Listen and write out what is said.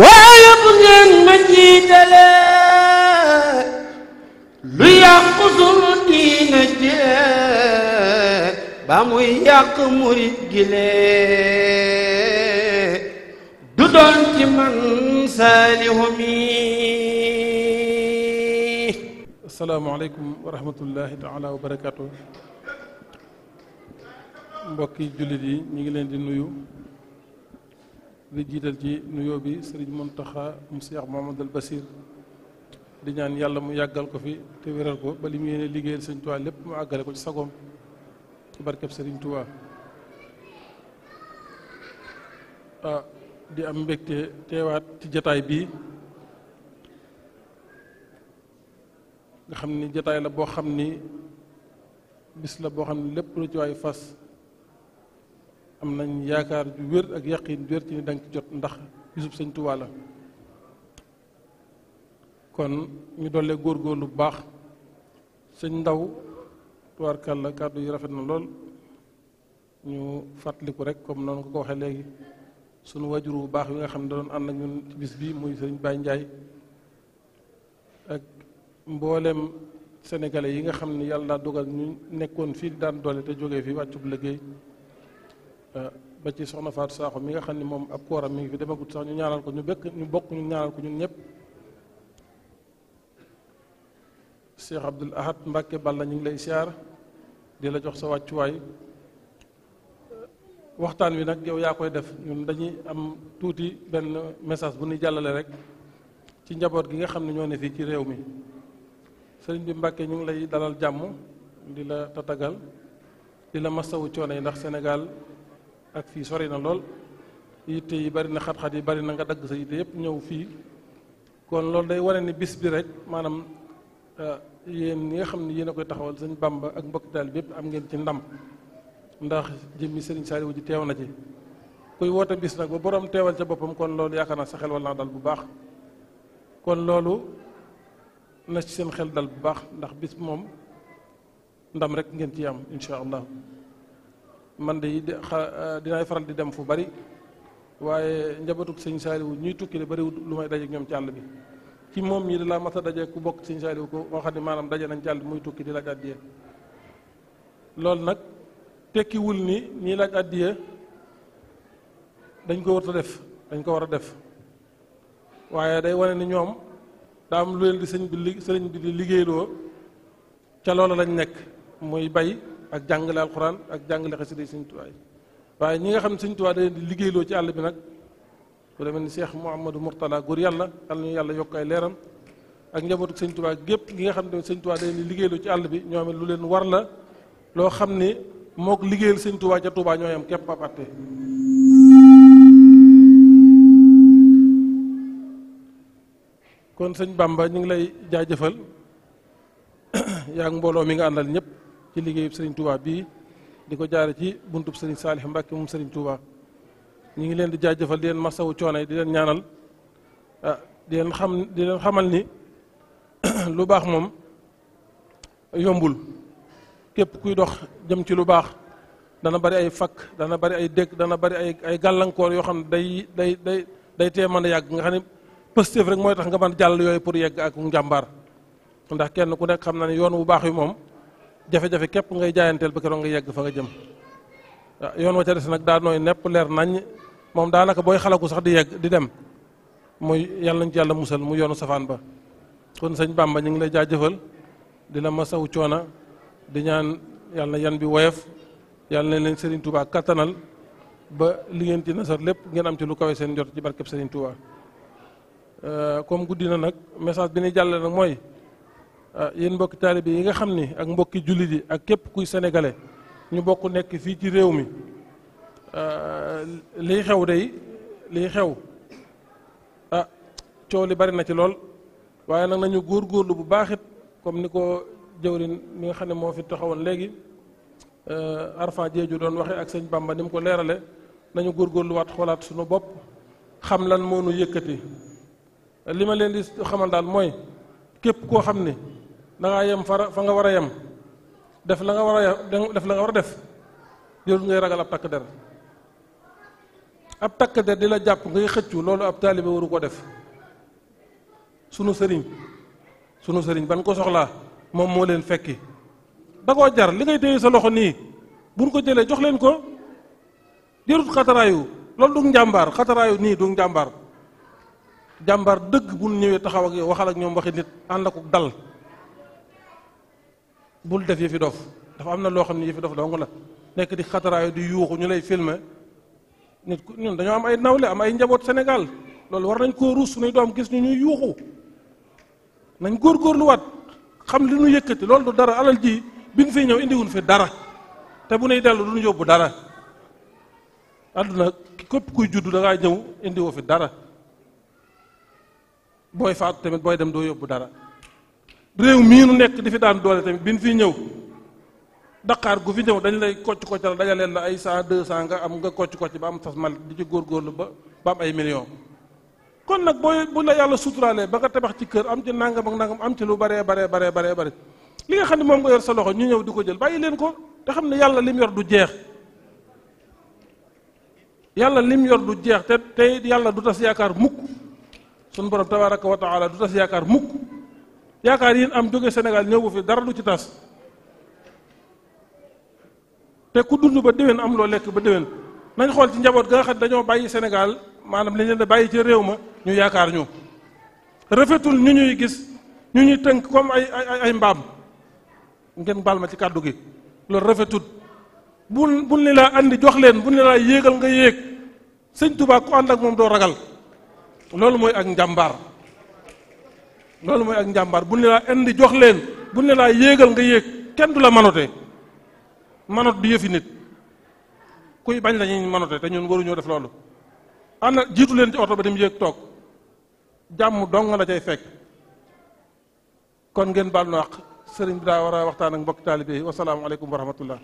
waaye bu ngeen ma jiitalee lu yàqu sunu diina jee ba muy yàq murit gilee du doon ci man بلسانهم asalaamaaleykum wa rahmatullahi taala wa barakaatu mbokki jullit yi ñu ngi leen di nuyu di jiital ci nuyoo bi sëriñ Muntaxa mu Seex Muhamadul Basiir di ñaan yàlla mu yàggal ko fi te wéral ko ba li mu yéene liggéeyal sëriñ Tuubaa lépp mu àggale ko ci sagoom ci barkeb sëriñ Tuubaa di am mbégte teewaat ci jataay bii nga xam ni jataay la boo xam ni bis la boo xam ni lépp lu ci waay fas am nañ yaakaar ju wér ak yaqin ju wér ci ni danga jot ndax bisub sëñ Tuubaa kon ñu dollee góor lu baax sëñ ndaw tubaarkàlla kàddu yi rafet na lool ñu fàttaliku rek comme noonu ko ko waxee léegi sunu wajur wu baax yi nga xam ne da doon ànd ak ñun ci bis bi muy sëriñ Baye Ndiaye ak mboolem sénégalais yi nga xam ne yàlla daa dogal ñu nekkoon fii daan doole te fi fii wàccub liggéey ah, ba ci soxna Fatou Sakho mi nga xam ne moom ab kooram mi ngi fi demagut sax ñu ñaanal ko ñu bekk ñu bokk ñu ñaanal ko ñun ñëpp Cheikh Abdoul Ahad Mbacke Balla ñu ngi lay siyaar di la jox sa wàccuwaay waxtaan wi nag yow yaa koy def ñun dañuy am tuuti benn message bu nuy jàllale rek ci njaboot gi nga xam ne ñoo ne fii ci réew mi sëriñ bi Mbàkke ñu ngi lay dalal jàmm di la tatagal di la masawu coono yi ndax Sénégal ak fii sori na lool yitte yi bari na xat-xat yi bari na nga dagg sa yitte yëpp ñëw fii kon loolu day wane ni bis bi rek maanaam euh, yéen ñi nga xam ne yéen a koy taxawal sëñ ba ak mbokk taal bi yëpp am ngeen ci ndam ndax jëmmi sëriñ Saliou ji teew na ci kuy woote bis nag ba boroom teewal ca boppam kon loolu yaakaar naa sa xel wala naa dal bu baax kon loolu na ci seen xel dal bu baax ndax bis moom ndam rek ngeen ci am incha allah man de eh, dinaay faral di dem fu bari waaye njabatug sëñ Saaliwu ñuy tukki de bariwul lu may daje ñoom ci àll bi ci moom ñi da laa a daje ku bokk sëñ Saaliwu ko koo xam ne daje nañ ci àll bi muy tukki di la jàddee nag tekkiwul ni ñiy laaj àddiya dañ ko war a def dañ ko war a def waaye day wane ni ñoom daam lu leen di sëñ bi li sëriñ liggéeyloo ca loola lañ nekk muy bay ak jàngale alxuraan ak jàngale xasida sëñ tuwaay waaye ñi nga xam ne sëñ tuwaay da leen di liggéeyloo ci àll bi nag ku demee ni Cheikh Mouhamadou Mourtala góor yàlla yàlla ñu yàlla yokk ay leeram ak njabootu sëñ tuwaay gépp ñi nga xam ne sëñ tuwaay da leen di liggéeyloo ci àll bi ñoom lu leen war la loo xam ni mook liggéeyal sëñ Touba ca Touba ñooyam képp ab atte kon sëñ Bamba ñu ngi lay jaajëfal yaa ngi mbooloo mi nga àndal ñëpp ci liggéeyub sëriñ Touba bii di ko jaare ci buntub sëriñ Saalix Mbàkke mu sëriñ Touba ñu ngi leen di jaajëfal di leen masawu coono yi di leen ñaanal ah di leen xam di leen xamal ni lu baax moom yombul képp kuy dox jëm ci lu baax dana bari ay fakk dana bari ay dëkk dana bari ay ay gàllankoor yoo xam ne day day day day tee mën a yàgg nga xam ne positif rek mooy tax nga man jàll yooyu pour yegg ak njàmbaar ndax kenn ku nekk xam na ne yoon wu baax wi moom jafe-jafe képp ngay jaayanteel ba keroog nga yegg fa nga jëm ah, yoon wa ca des nag daa nooy nepp leer nañ moom daanaka booy xalaku sax di yegg di dem muy yàlla nañ ci yàlla musal mu yoonu safaan ba kon sëñ Bamba ñu ngi lay jaajëfal di la masawu di ñaan yàlla na yan bi woyof yàlla na leen Serigne Touba kattanal ba li ngeen ci nasar lépp ngeen am ci lu kawe seen jot ci barkeb Serigne Touba. Euh, comme guddi na nag message bi ñuy jàllale nag mooy euh, yéen mbokki taalibe yi nga xam ni ak mbokki jullit yi ak képp kuy senegale ñu bokk nekk fii ci réew mi euh, liy xew day liy xew ah coow li bari na ci lool waaye nag nañu góorgóorlu bu baaxit comme ni ko. jëwrin mi nga xam ne moo fi taxawoon léegi euh, arfan jeeju doon waxee ak sëñ bamba ni mu ko leerale nañu góorluwaat xoolaat suñu bopp xam lan moo nu yëkkati li ma leen di xamal daal mooy képp koo xam ne da yem fa fa nga war a yem def la nga war a def la war a def jërul ngay ragal ab takk der ab takk der di la jàpp ngay xëccu loolu ab taalibe waru ko def sunu sëriñ sunu sëriñ ban ko soxlaa moom moo leen fekki da koo jar li ngay téye sa loxo nii buñ ko jëlee jox leen ko jërut xataraayu loolu du njàmbaar xataraayu nii du njàmbaar jàmbaar dëgg bu ñëwee taxaw ak yow waxal ak ñoom waxi nit ànd ak dal bul def fi dof dafa am na loo xam ne yëfi dof dong nekk di xataraayu di yuuxu ñu lay filmer nit ku ñun dañoo am ay nawle am ay njaboot senegal loolu war nañ koo ruus suñuy doom gis ñu ñuy yuuxu nañ góorgóorluwaat xam li nu yëkkati loolu du dara alal ji bi ñu fiy ñëw indiwuñ fi dara te bu nuy dellu du ñu yóbbu dara àdduna képp kuy juddu da ngaa ñëw indiwoo fi dara booy faatu tamit booy dem doo yóbbu dara réew mii nu nekk di fi daan doole tamit bi ñu fiy ñëw Dakar gu fi ñëw dañ lay kocc koccal dajaleen la ay cent deux cent nga am nga kocc kocc ba am sas mal di ci góorgóorlu ba ba am ay million kon nag booy bu la yàlla suturaalee ba nga tabax ci kër am ci nangam ak nangam am ci lu baree bare baree baree bare li nga xam ne moom nga yor sa loxo ñu ñëw di ko jël bàyyi leen ko te xam ne yàlla lim yor du jeex yàlla lim yor du jeex te tey yàlla du tas yaakaar mukk sun borom tabaraka wa taala du tas yaakaar mukk yaakaar yi am jóge Sénégal ñëw bu fi dara du ci tas te ku dund ba déwén am loo lekk ba déwén nañ xool ci njaboot ga nga xam dañoo bàyyi Sénégal maanaam li leen di bàyyi ci réew ma ñu yaakaar ñu rafetul ñu ñuy gis ñu ñuy tënk comme ay ay ay mbaam ngeen baal ma ci kàddu gi loolu rafetul bu bu ne laa andi jox leen bu ne laa yéegal nga yéeg sëñ Tuubaa moom doo ragal loolu mooy ak njàmbaar loolu mooy ak njàmbaar bu ne laa jox leen bu ne yéegal nga yéeg kenn du la manote manot du yëfi nit kuy bañ la ñuy manote te ñun waruñoo def loolu ànd jiitu leen ci oto ba dem yéeg toog jàmm dong la cay fekk kon ngeen baal na wax sëriñ bi daa war a waxtaan ak mbokk taalibe wa wasalaamualeykum wa rahmatullah